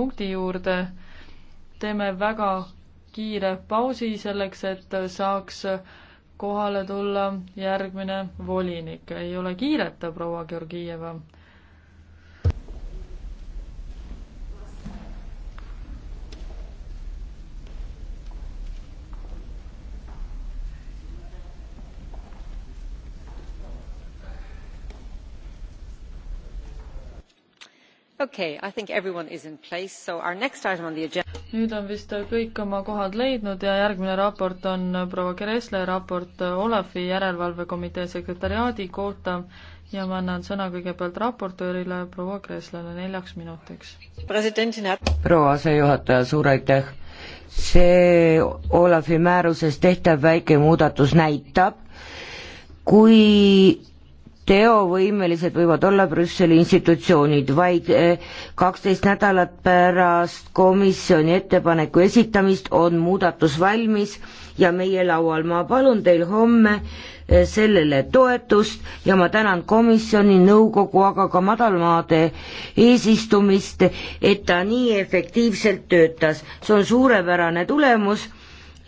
punkti juurde. teeme väga kiire pausi selleks, et saaks kohale tulla järgmine volinik. ei ole kiireta, proua Georgieva Okay, place, nüüd on vist kõik oma kohad leidnud ja järgmine raport on proua Keresle raport Olafi järelevalvekomitee sekretariaadi kohta ja ma annan sõna kõigepealt raportöörile proua Kreslele neljaks minutiks. proua asejuhataja, suur aitäh! see Olafi määruses tehtav väike muudatus näitab, kui teovõimelised võivad olla Brüsseli institutsioonid, vaid eh, kaksteist nädalat pärast komisjoni ettepaneku esitamist on muudatus valmis ja meie laual. ma palun teil homme eh, sellele toetust ja ma tänan komisjoni, nõukogu, aga ka madalmaade eesistumist, et ta nii efektiivselt töötas. see on suurepärane tulemus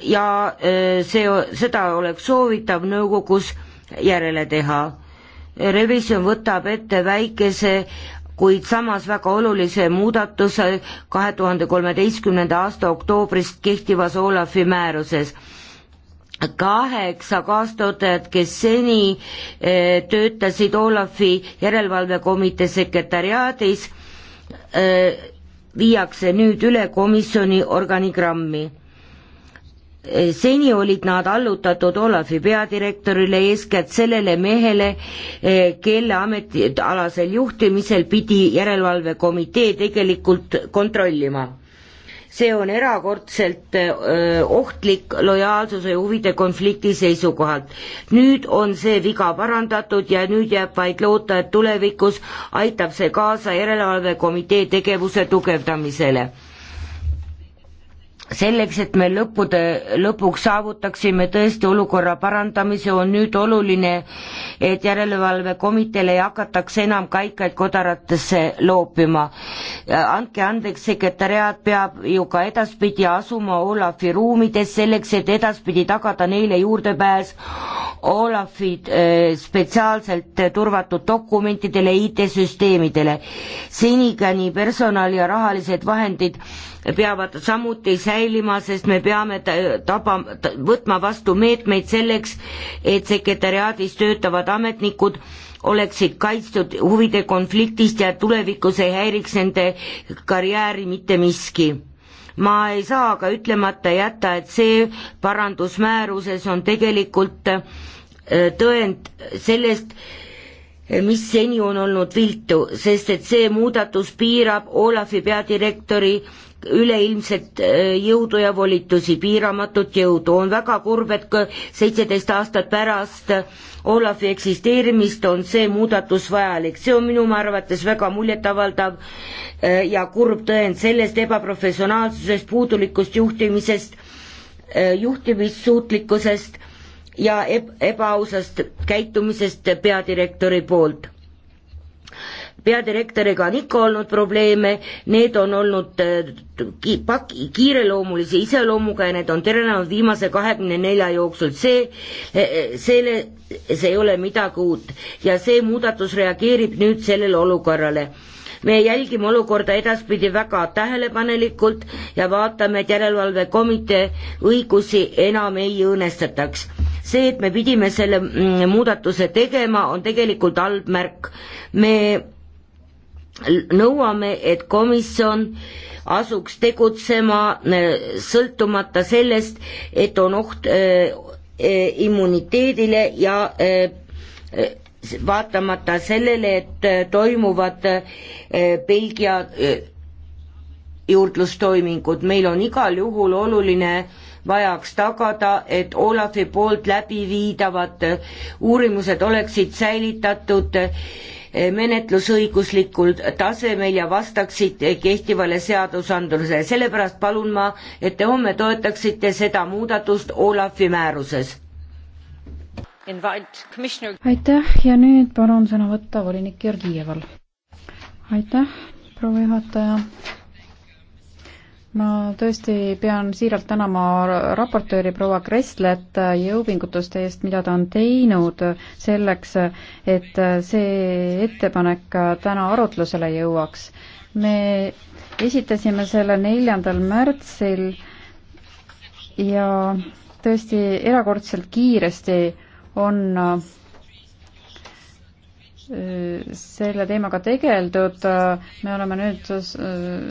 ja eh, see, seda oleks soovitav nõukogus järele teha revisjon võtab ette väikese kuid samas väga olulise muudatuse kahe tuhande kolmeteistkümnenda aasta oktoobrist kehtivas Olafi määruses kaheksa kaastöötajat, kes seni eh, töötasid Olafi järelevalvekomitee sekretariaadis, eh, viiakse nüüd üle komisjoni organigrammi seni olid nad allutatud Olavi peadirektorile, eeskätt sellele mehele, eh, kelle ametialasel juhtimisel pidi järelevalvekomitee tegelikult kontrollima. see on erakordselt eh, ohtlik lojaalsuse ja huvide konflikti seisukohalt. nüüd on see viga parandatud ja nüüd jääb vaid loota, et tulevikus aitab see kaasa järelevalvekomitee tegevuse tugevdamisele selleks, et me lõppude, lõpuks saavutaksime tõesti olukorra parandamise, on nüüd oluline, et järelevalvekomiteele ei hakataks enam kaikaid kodaratesse loopima. andke andeks, sekretäriaat peab ju ka edaspidi asuma Olafi ruumides, selleks et edaspidi tagada neile juurdepääs Olafi äh, spetsiaalselt turvatud dokumentidele, IT-süsteemidele. senikani personal ja rahalised vahendid peavad samuti säilima säilima, sest me peame taba, võtma vastu meetmeid selleks, et sekretäriaadis töötavad ametnikud oleksid kaitstud huvide konfliktist ja tulevikus ei häiriks nende karjääri mitte miski ma ei saa aga ütlemata jätta, et see parandus määruses on tegelikult äh, tõend sellest, mis seni on olnud viltu, sest et see muudatus piirab Olavi peadirektori üleilmset äh, jõudu ja volitusi, piiramatut jõudu, on väga kurb, et seitseteist aastat pärast Olavi eksisteerimist on see muudatus vajalik, see on minu arvates väga muljetavaldav äh, ja kurb tõend sellest ebaprofessionaalsusest, puudulikust juhtimisest, äh, juhtimissuutlikkusest ja eb ebaausast käitumisest peadirektori poolt peadirektoriga on ikka olnud probleeme, need on olnud äh, ki-, pak-, kiireloomulise iseloomuga ja need on terenenud viimase kahekümne nelja jooksul, see, äh, äh, selle, see ei ole midagi uut ja see muudatus reageerib nüüd sellele olukorrale me jälgime olukorda edaspidi väga tähelepanelikult ja vaatame, et järelevalvekomitee õigusi enam ei õõnestataks. see, et me pidime selle mm, muudatuse tegema, on tegelikult halb märk. me nõuame, et komisjon asuks tegutsema äh, sõltumata sellest, et on oht äh, äh, immuniteedile ja vaatamata sellele, et toimuvad Belgia juurdlustoimingud, meil on igal juhul oluline vajaks tagada, et Olavi poolt läbi viidavad uurimused oleksid säilitatud menetlusõiguslikul tasemel ja vastaksid kehtivale seadusandlusele, sellepärast palun ma, et te homme toetaksite seda muudatust Olafi määruses. aitäh ja nüüd palun sõna võtta volinik Georgieval. aitäh, proua juhataja ma tõesti pean siiralt tänama raportööri proua Kresslet jõupingutuste eest, mida ta on teinud selleks, et see ettepanek täna arutlusele jõuaks. me esitasime selle neljandal märtsil ja tõesti erakordselt kiiresti on selle teemaga tegeldud, me oleme nüüd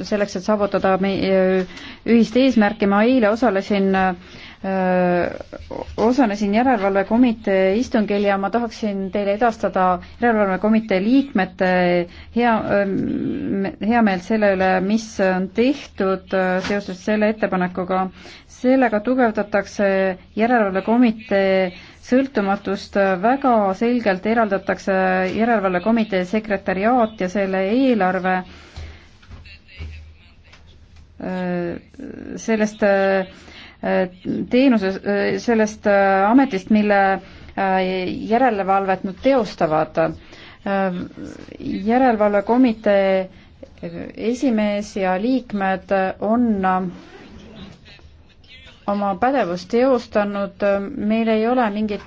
selleks, et saavutada meie ühist eesmärki, ma eile osalesin, osalesin Järelevalvekomitee istungil ja ma tahaksin teile edastada Järelevalvekomitee liikmete hea, heameelt selle üle, mis on tehtud seoses selle ettepanekuga. sellega tugevdatakse Järelevalvekomitee sõltumatust väga selgelt eraldatakse järelevalvekomitee sekretäriaat ja selle eelarve sellest teenuse, sellest ametist, mille järelevalvet nad teostavad. järelevalvekomitee esimees ja liikmed on oma pädevust teostanud, meil ei ole mingit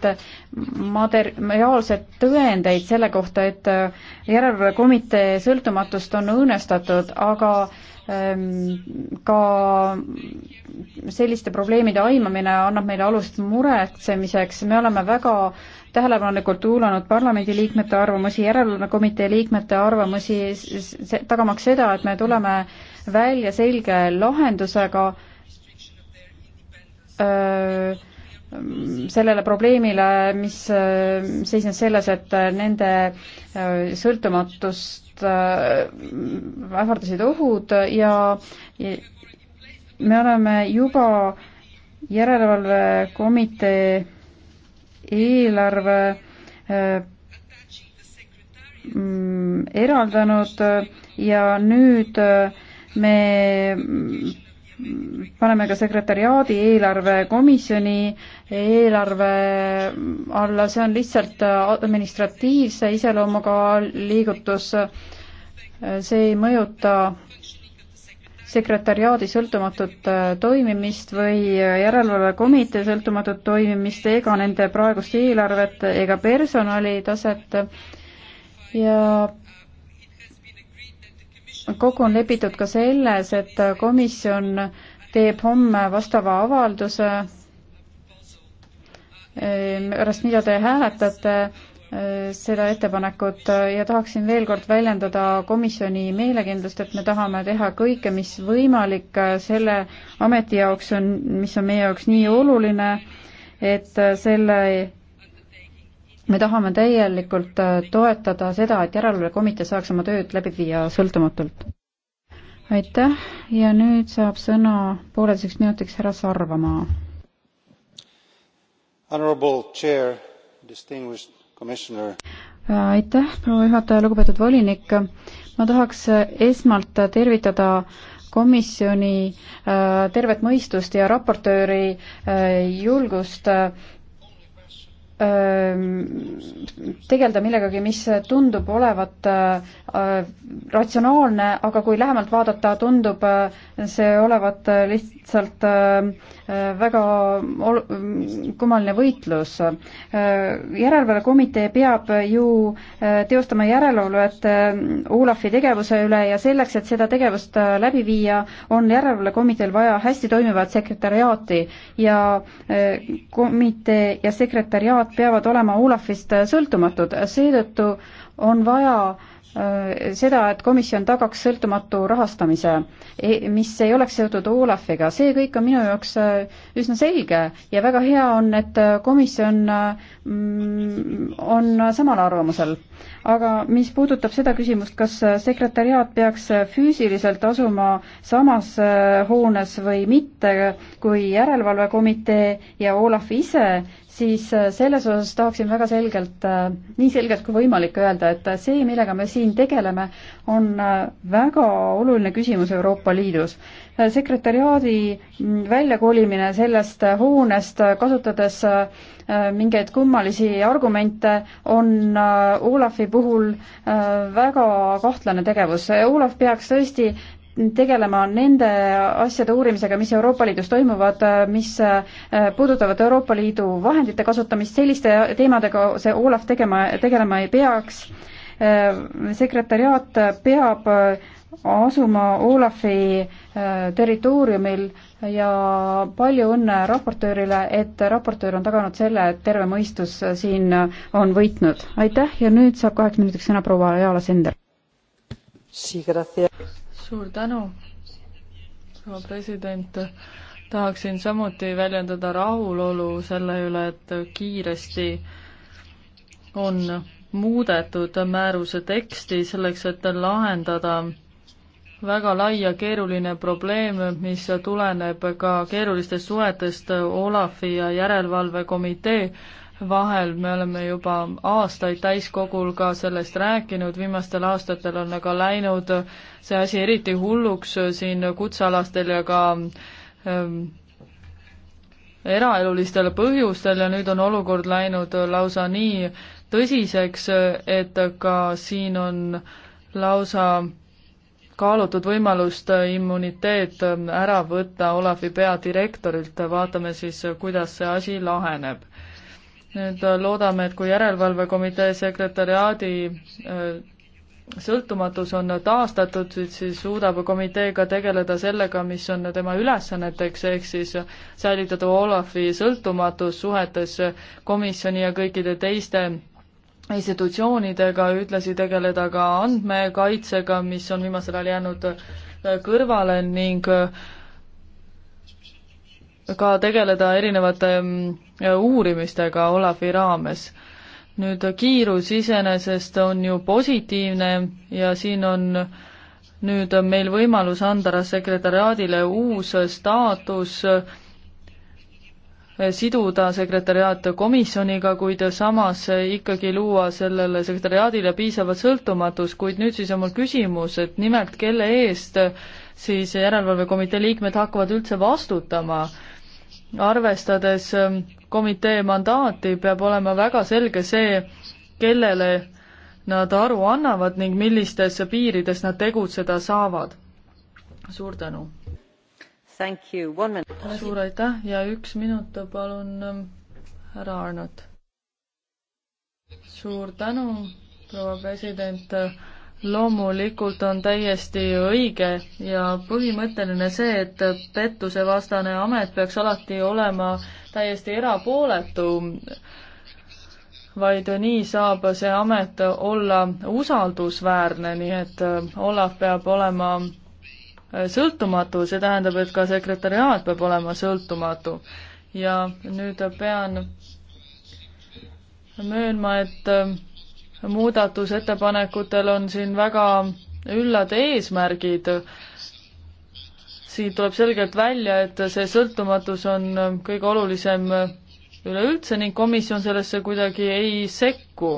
materiaalset tõendeid selle kohta, et järelevalvekomitee sõltumatust on õõnestatud, aga ähm, ka selliste probleemide aimamine annab meile alust muretsemiseks, me oleme väga tähelepanelikult kuulanud parlamendiliikmete arvamusi, järelevalvekomitee liikmete arvamusi, tagamaks seda, et me tuleme välja selge lahendusega Äh, sellele probleemile, mis äh, seisnes selles, et äh, nende sõltumatust ähvardasid ohud ja me oleme juba järelevalvekomitee eelarve mm, eraldanud ja nüüd me paneme ka sekretäriaadi eelarve komisjoni eelarve alla, see on lihtsalt administratiivse iseloomuga liigutus, see ei mõjuta sekretäriaadi sõltumatut toimimist või järelevalvekomitee sõltumatut toimimist ega nende praegust eelarvet ega personali taset ja kokku on lepitud ka selles, et komisjon teeb homme vastava avalduse, ehm, pärast mida te hääletate eh, seda ettepanekut ja tahaksin veel kord väljendada komisjoni meelekindlust, et me tahame teha kõike, mis võimalik selle ameti jaoks on, mis on meie jaoks nii oluline, et selle me tahame täielikult äh, toetada seda, et järelevalvekomitee saaks oma tööd läbi viia sõltumatult. aitäh ja nüüd saab sõna pooleteiseks minutiks härra Sarvamaa. aitäh, proua juhataja, lugupeetud volinik. ma tahaks äh, esmalt tervitada komisjoni äh, tervet mõistust ja raportööri julgust Ähm, tegeleda millegagi, mis tundub olevat äh, ratsionaalne, aga kui lähemalt vaadata, tundub äh, see olevat lihtsalt äh, väga ol-, kummaline võitlus. järelevalvekomitee peab ju teostama järelevalvet Olafi tegevuse üle ja selleks, et seda tegevust läbi viia, on järelevalvekomiteel vaja hästi toimivat sekretäriaati ja komitee ja sekretäriaat nemad peavad olema Olafist sõltumatud, seetõttu on vaja äh, seda, et komisjon tagaks sõltumatu rahastamise, e, mis ei oleks seotud Olafiga, see kõik on minu jaoks äh, üsna selge ja väga hea on, et äh, komisjon mm, on samal arvamusel. aga mis puudutab seda küsimust, kas sekretäriaat peaks füüsiliselt asuma samas hoones või mitte kui järelevalvekomitee ja Olaf ise, siis äh, selles osas tahaksin väga selgelt, äh, nii selgelt kui võimalik öelda, et äh, see, millega me siin tegeleme, on väga oluline küsimus Euroopa Liidus. sekretäriaadi mm, väljakolimine sellest hoonest, kasutades mingeid kummalisi argumente, on Olafi puhul väga kahtlane tegevus. Olaf peaks tõesti tegelema nende asjade uurimisega, mis Euroopa Liidus toimuvad, mis äh, puudutavad Euroopa Liidu vahendite kasutamist, selliste teemadega see Olav tegema, tegelema ei peaks. Äh, sekretäriaat peab äh, asuma Olafi territooriumil ja palju õnne raportöörile, et raportöör on taganud selle, et terve mõistus siin on võitnud. aitäh ja nüüd saab kaheks minutiks sõna proua Jaala Sender suur tänu, proua president. tahaksin samuti väljendada rahulolu selle üle, et kiiresti on muudetud määruse teksti selleks, et lahendada väga lai ja keeruline probleem, mis tuleneb ka keerulistest suhetest Olafi ja Järelevalvekomitee vahel, me oleme juba aastaid täiskogul ka sellest rääkinud, viimastel aastatel on aga läinud see asi eriti hulluks siin kutsealastel ja ka ähm, eraelulistel põhjustel ja nüüd on olukord läinud lausa nii tõsiseks, et ka siin on lausa kaalutud võimalust immuniteet ära võtta Olavi peadirektorilt, vaatame siis, kuidas see asi laheneb nüüd äh, loodame, et kui Järelevalvekomitee sekretäriaadi äh, sõltumatus on taastatud, siis suudab komitee ka tegeleda sellega, mis on tema ülesanneteks, ehk siis säilitada Olafi sõltumatus suhetes komisjoni ja kõikide teiste institutsioonidega, ühtlasi tegeleda ka andmekaitsega, mis on viimasel ajal jäänud kõrvale ning äh, ka tegeleda erinevate mm, uurimistega Olavi raames. nüüd kiirus iseenesest on ju positiivne ja siin on nüüd on meil võimalus anda sekretäriaadile uus staatus, siduda sekretäriaat komisjoniga, kuid samas ikkagi luua sellele sekretäriaadile piisavat sõltumatust, kuid nüüd siis on mul küsimus, et nimelt kelle eest siis järelevalvekomitee liikmed hakkavad üldse vastutama äh, arvestades ähm, komitee mandaati, peab olema väga selge see, kellele nad aru annavad ning millistes piirides nad tegutseda saavad. suur tänu! suur aitäh ja üks minut palun ähm, härra Arnot. suur tänu, proua president loomulikult on täiesti õige ja põhimõtteline see, et pettusevastane amet peaks alati olema täiesti erapooletu, vaid nii saab see amet olla usaldusväärne, nii et Olav peab olema sõltumatu, see tähendab, et ka sekretäriaat peab olema sõltumatu. ja nüüd pean möönma, et muudatusettepanekutel on siin väga üllad eesmärgid. siin tuleb selgelt välja, et see sõltumatus on kõige olulisem üleüldse ning komisjon sellesse kuidagi ei sekku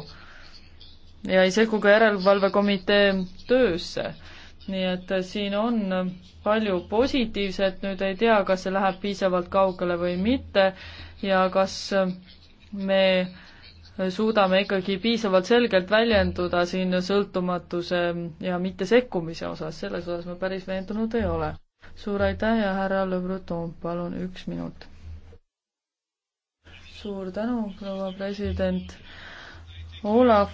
ja ei sekku ka Järelevalvekomitee töösse. nii et siin on palju positiivset, nüüd ei tea, kas see läheb piisavalt kaugele või mitte ja kas me äh, suudame ikkagi piisavalt selgelt väljenduda siin sõltumatuse ja mittesekkumise osas, selles osas ma päris veendunud ei ole. suur aitäh ja härra Le Breton, palun üks minut. suur tänu, proua president. Olav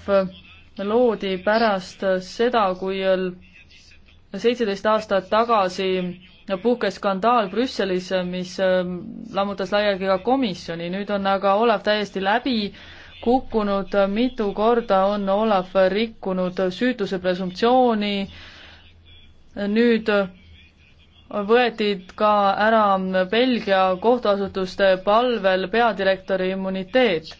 loodi pärast seda, kui seitseteist aastat tagasi puhkes skandaal Brüsselis, mis lammutas laiali ka komisjoni, nüüd on aga Olav täiesti läbi äh, kukkunud, mitu korda on Olav rikkunud süütuse presumptsiooni, nüüd võeti ka ära Belgia kohtuasutuste palvel peadirektori immuniteet.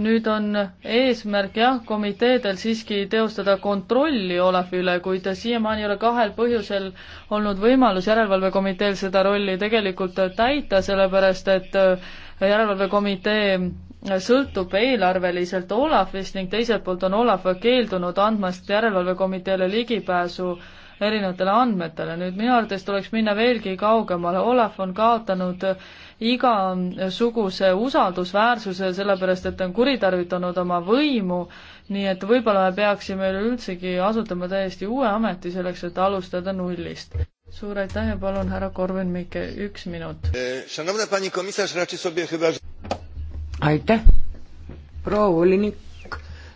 nüüd on eesmärk jah, komiteedel siiski teostada kontrolli Olavi üle, kuid siiamaani ei ole kahel põhjusel olnud võimalus järelevalvekomiteel seda rolli tegelikult täita, sellepärast et järelevalvekomitee sõltub eelarveliselt Olafist ning teiselt poolt on Olav keeldunud andmast järelevalvekomiteele ligipääsu erinevatele andmetele. nüüd minu arvates tuleks minna veelgi kaugemale, Olav on kaotanud igasuguse usaldusväärsuse, sellepärast et ta on kuritarvitanud oma võimu, nii et võib-olla me peaksime üleüldsegi asutama täiesti uue ameti selleks, et alustada nullist. suur aitäh ja palun, härra Korvin Mikke, üks minut aitäh, proua volinik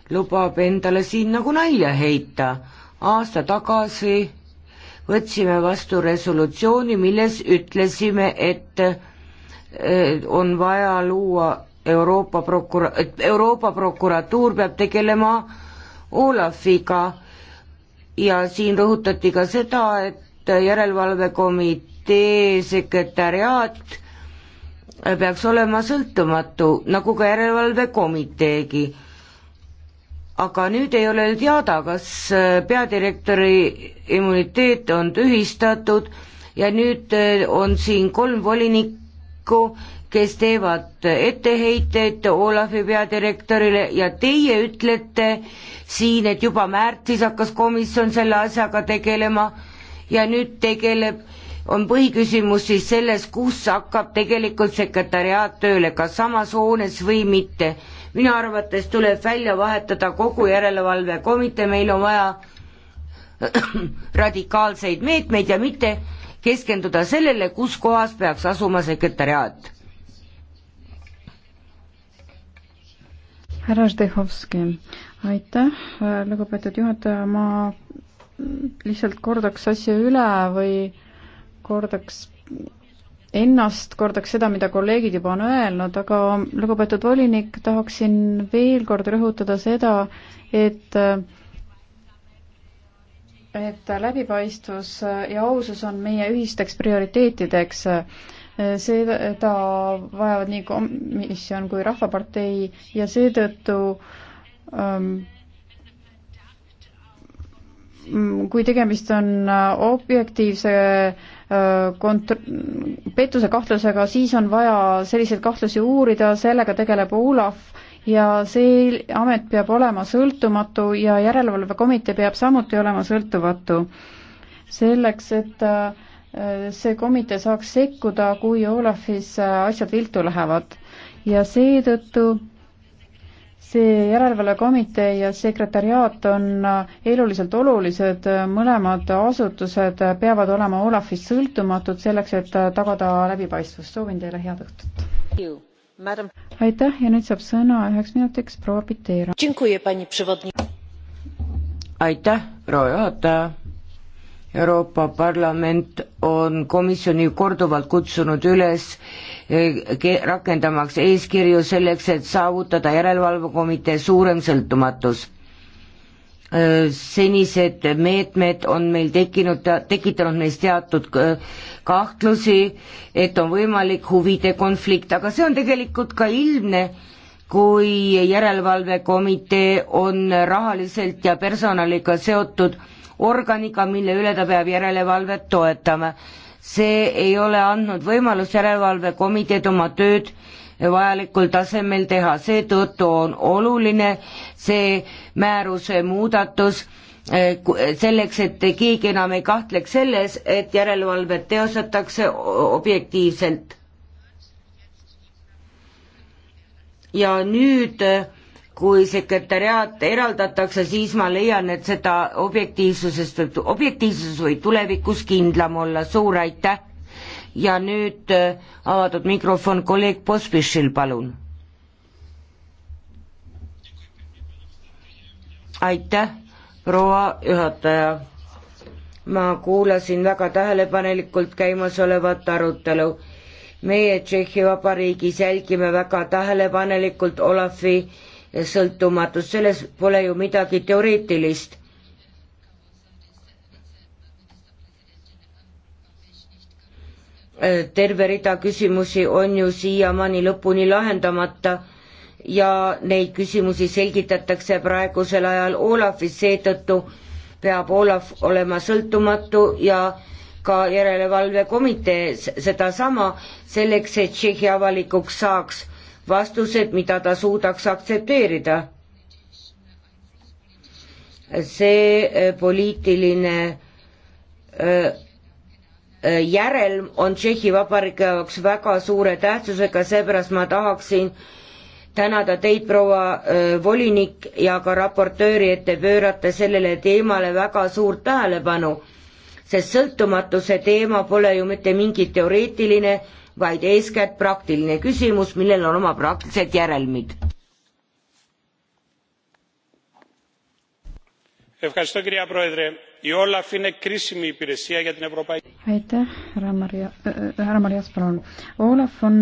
lubab endale siin nagu nalja heita. aasta tagasi võtsime vastu resolutsiooni, milles ütlesime, et eh, on vaja luua Euroopa prokura-, Euroopa prokuratuur peab tegelema Olafiga ja siin rõhutati ka seda, et järelevalvekomitee sekretäriaat peaks olema sõltumatu, nagu ka järelevalvekomiteegi. aga nüüd ei ole teada, kas äh, peadirektori immuniteet on tühistatud ja nüüd äh, on siin kolm volinikku, kes teevad etteheiteid Olavi peadirektorile ja teie ütlete siin, et juba märtsis hakkas komisjon selle asjaga tegelema ja nüüd tegeleb on põhiküsimus siis selles, kus hakkab tegelikult sekretäriaat tööle, kas samas hoones või mitte. minu arvates tuleb välja vahetada kogu järelevalvekomitee, meil on vaja radikaalseid meetmeid ja mitte keskenduda sellele, kus kohas peaks asuma sekretäriaat. härra Ždehovski, aitäh, lugupeetud juhataja, ma lihtsalt kordaks asja üle või kordaks ennast, kordaks seda, mida kolleegid juba on öelnud, aga lugupeetud volinik, tahaksin veel kord rõhutada seda, et et läbipaistvus ja ausus on meie ühisteks prioriteetideks. seda vajavad nii komisjon kui Rahvapartei ja seetõttu ähm, mm, kui tegemist on objektiivse äh, kont-, pettuse kahtlusega, siis on vaja selliseid kahtlusi uurida, sellega tegeleb Olav ja see amet peab olema sõltumatu ja järelevalvekomitee peab samuti olema sõltumatu. selleks, et äh, see komitee saaks sekkuda, kui Olafis äh, asjad viltu lähevad. ja seetõttu see järelevalvekomitee ja sekretariaat on eluliselt olulised, mõlemad asutused peavad olema Olafist sõltumatud selleks, et tagada läbipaistvus. soovin teile head õhtut. aitäh ja nüüd saab sõna üheks minutiks proua Piteera. aitäh, proua juhataja Euroopa Parlament on komisjoni korduvalt kutsunud üles eh, rakendamaks eeskirju selleks, et saavutada järelevalvekomitee suurem sõltumatus. Eh, senised meetmed on meil tekkinud, tekitanud meis teatud kahtlusi, et on võimalik huvide konflikt, aga see on tegelikult ka ilmne kui järelevalvekomitee on rahaliselt ja personaliga seotud organiga, mille üle ta peab järelevalvet toetama. see ei ole andnud võimalust järelevalvekomiteed oma tööd vajalikul tasemel teha, seetõttu on oluline see määruse muudatus eh, selleks, et keegi enam ei kahtleks selles, et järelevalvet teostatakse objektiivselt. ja nüüd äh, kui sekretäriaat eraldatakse, siis ma leian, et seda objektiivsusest võib, objektiivsus võib tulevikus kindlam olla, suur aitäh! ja nüüd äh, avatud mikrofon kolleeg Pospišil, palun. aitäh, proua juhataja. ma kuulasin väga tähelepanelikult käimasolevat arutelu. meie Tšehhi Vabariigis jälgime väga tähelepanelikult Olafi sõltumatus, selles pole ju midagi teoreetilist. terve rida küsimusi on ju siiamaani lõpuni lahendamata ja neid küsimusi selgitatakse praegusel ajal Olafis, seetõttu peab Olav olema sõltumatu ja ka järelevalvekomitee sedasama, selleks et Tšehhi avalikuks saaks vastused, mida ta suudaks aktsepteerida. see e, poliitiline e, e, järelm on Tšehhi Vabariigi jaoks väga suure tähtsusega, seepärast ma tahaksin tänada teid, proua volinik ja ka raportööri, et te pöörate sellele teemale väga suurt tähelepanu, sest sõltumatuse teema pole ju mitte mingi teoreetiline vaid eeskätt praktiline küsimus, millel on oma praktilised järelmid. aitäh, härra Marja, härra Marjas, palun. Olav on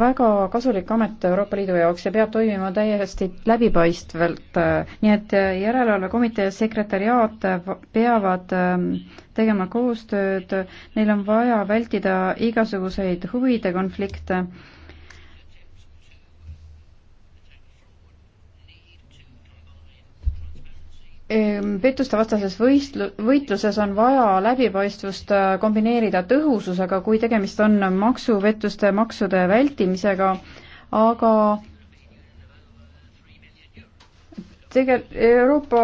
väga kasulik amet Euroopa Liidu jaoks ja peab toimima täiesti läbipaistvalt. nii et järelevalvekomitee sekretäriaat peavad ähm, tegema koostööd, neil on vaja vältida igasuguseid huvide konflikte pettuste vastases võistlu-, võitluses on vaja läbipaistvust äh, kombineerida tõhususega, kui tegemist on maksupettuste, maksude vältimisega, aga tege-, Euroopa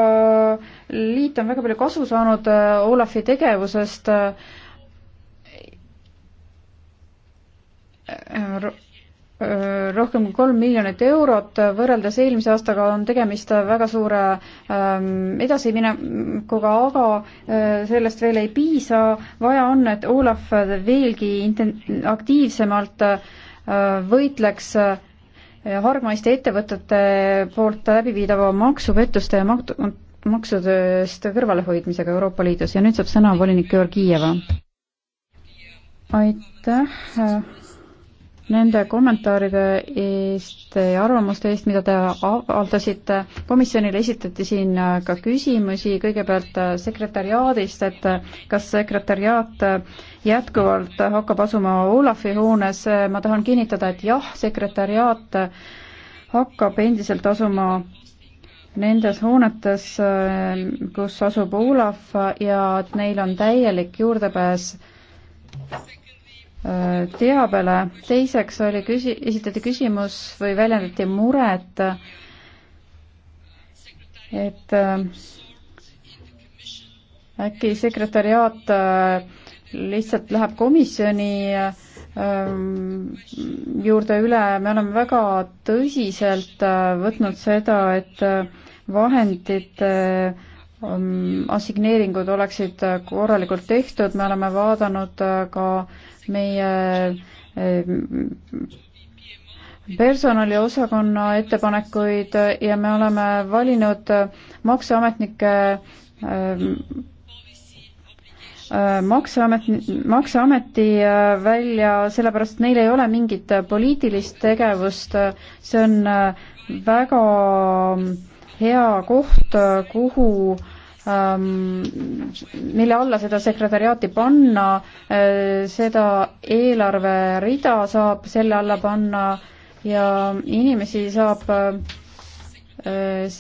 Liit on väga palju kasu saanud äh, Olafi tegevusest, äh, rohkem kui kolm miljonit eurot, võrreldes eelmise aastaga on tegemist väga suure ähm, edasiminekuga, aga äh, sellest veel ei piisa, vaja on, et Olav veelgi inten-, aktiivsemalt äh, võitleks äh, hargmaiste ettevõtete poolt läbiviidava maksupettuste ja mak-, maksudest kõrvalehoidmisega Euroopa Liidus ja nüüd saab sõna volinik Georgieva. aitäh nende kommentaaride eest ja arvamuste eest, mida te avaldasite. komisjonile esitati siin ka küsimusi, kõigepealt sekretäriaadist, et kas sekretäriaat jätkuvalt hakkab asuma Olafi hoones. ma tahan kinnitada, et jah, sekretäriaat hakkab endiselt asuma nendes hoonetes, kus asub Olav ja et neil on täielik juurdepääs teabele. teiseks oli küsi-, esitati küsimus või väljendati muret, et äh, äkki sekretäriaat äh, lihtsalt läheb komisjoni äh, juurde üle, me oleme väga tõsiselt võtnud seda, et vahendite äh, Ähm, assigneeringud oleksid äh, korralikult tehtud, me oleme vaadanud äh, ka meie äh, personaliosakonna ettepanekuid ja me oleme valinud makseametnike ähm, makseamet, makseameti välja, sellepärast et neil ei ole mingit poliitilist tegevust, see on väga äh, hea koht, kuhu ähm, mille alla seda sekretäriaati panna, äh, seda eelarverida saab selle alla panna ja inimesi saab äh,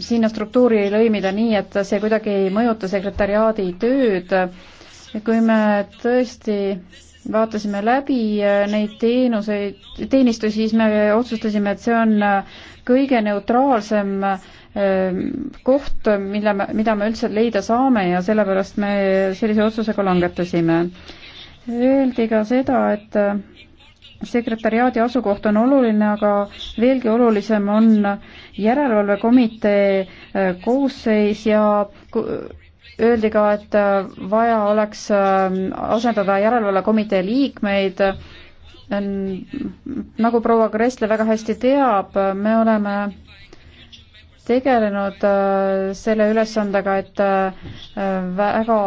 sinna struktuuri lõimida nii, et see kuidagi ei mõjuta sekretäriaadi tööd. kui me tõesti vaatasime läbi äh, neid teenuseid, teenistusi, siis me otsustasime, et see on äh, kõige neutraalsem ähm, koht, mille me, mida me üldse leida saame ja sellepärast me sellise otsuse ka langetasime. Öeldi ka seda, et äh, sekretäriaadi asukoht on oluline, aga veelgi olulisem on järelevalvekomitee koosseis ja öeldi ka, et äh, vaja oleks ähm, asendada järelevalvekomitee liikmeid. nagu proua Kressle väga hästi teab, me oleme tegelenud äh, selle ülesandega, et äh, väga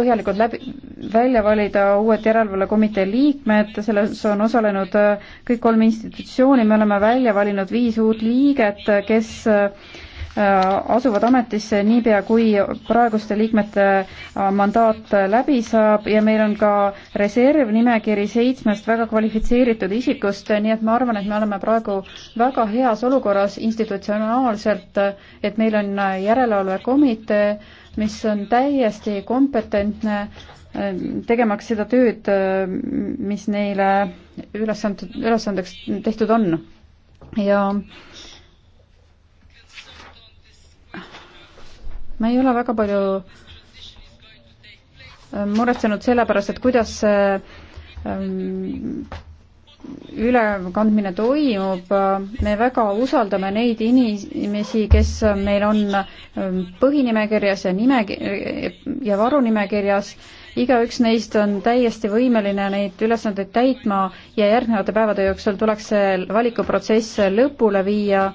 põhjalikult läbi, välja valida uued järelevalvekomitee liikmed, selles on osalenud kõik kolm institutsiooni, me oleme välja valinud viis uut liiget, kes Äh, asuvad ametisse niipea, kui praeguste liikmete äh, mandaat äh, läbi saab ja meil on ka reservnimekiri seitsmest väga kvalifitseeritud isikust, nii et ma arvan, et me oleme praegu väga heas olukorras institutsionaalselt, et meil on järelevalvekomitee, mis on täiesti kompetentne tegemaks seda tööd, mis neile ülesanded, ülesandeks tehtud on. ja äh, me ei ole väga palju äh, muretsenud selle pärast, et kuidas see ähm, ülekandmine toimub, me väga usaldame neid inimesi, kes meil on ähm, põhinimekirjas ja nime- ja varunimekirjas, igaüks neist on täiesti võimeline neid ülesandeid täitma ja järgnevate päevade jooksul tuleks see valikuprotsess lõpule viia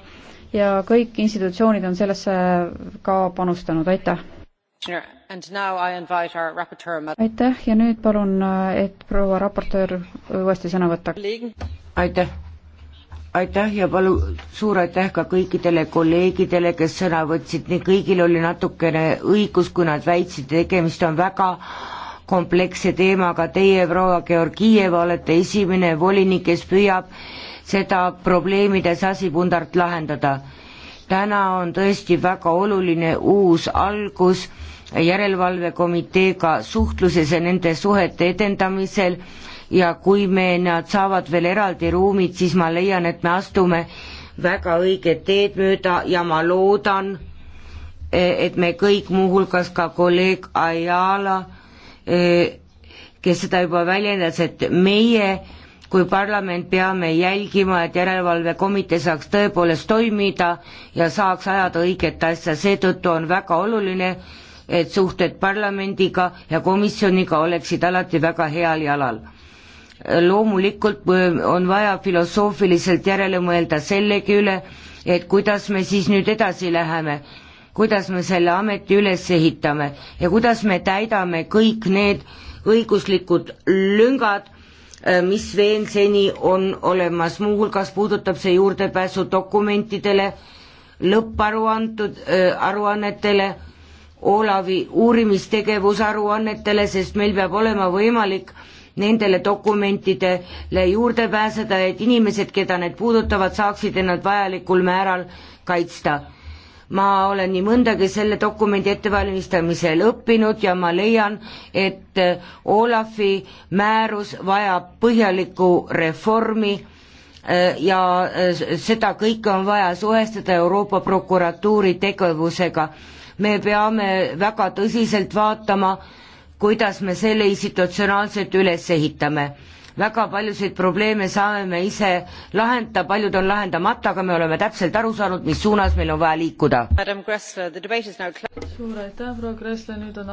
ja kõik institutsioonid on sellesse ka panustanud, aitäh! aitäh ja nüüd palun, et proua raportöör uuesti sõna võtaks. aitäh! aitäh ja palu-, suur aitäh ka kõikidele kolleegidele, kes sõna võtsid, nii kõigil oli natukene õigus, kui nad väitsid, tegemist on väga kompleksse teemaga, teie, proua Georgieva, olete esimene volinik, kes püüab seda probleemide sasipundart lahendada. täna on tõesti väga oluline uus algus järelevalvekomiteega suhtluses ja nende suhete edendamisel ja kui me, nad saavad veel eraldi ruumid, siis ma leian, et me astume väga õiget teed mööda ja ma loodan, et me kõik, muuhulgas ka kolleeg Ayala, eh, kes seda juba väljendas, et meie kui parlament peame jälgima, et järelevalvekomitee saaks tõepoolest toimida ja saaks ajada õiget asja, seetõttu on väga oluline, et suhted parlamendiga ja komisjoniga oleksid alati väga heal jalal. loomulikult on vaja filosoofiliselt järele mõelda sellegi üle, et kuidas me siis nüüd edasi läheme, kuidas me selle ameti üles ehitame ja kuidas me täidame kõik need õiguslikud lüngad, Äh, mis veel seni on olemas, muuhulgas puudutab see juurdepääsu dokumentidele, lõpparuantud äh, aruannetele, Olavi uurimistegevusaruannetele, sest meil peab olema võimalik nendele dokumentidele juurde pääseda, et inimesed, keda need puudutavad, saaksid ennast vajalikul määral kaitsta ma olen nii mõndagi selle dokumendi ettevalmistamisel õppinud ja ma leian, et Olafi määrus vajab põhjalikku reformi äh, ja äh, seda kõike on vaja suhestada Euroopa prokuratuuri tegevusega. me peame väga tõsiselt vaatama, kuidas me selle institutsionaalselt üles ehitame väga paljusid probleeme saame me ise lahendada, paljud on lahendamata, aga me oleme täpselt aru saanud, mis suunas meil on vaja liikuda. suur aitäh, proua Kressle, nüüd on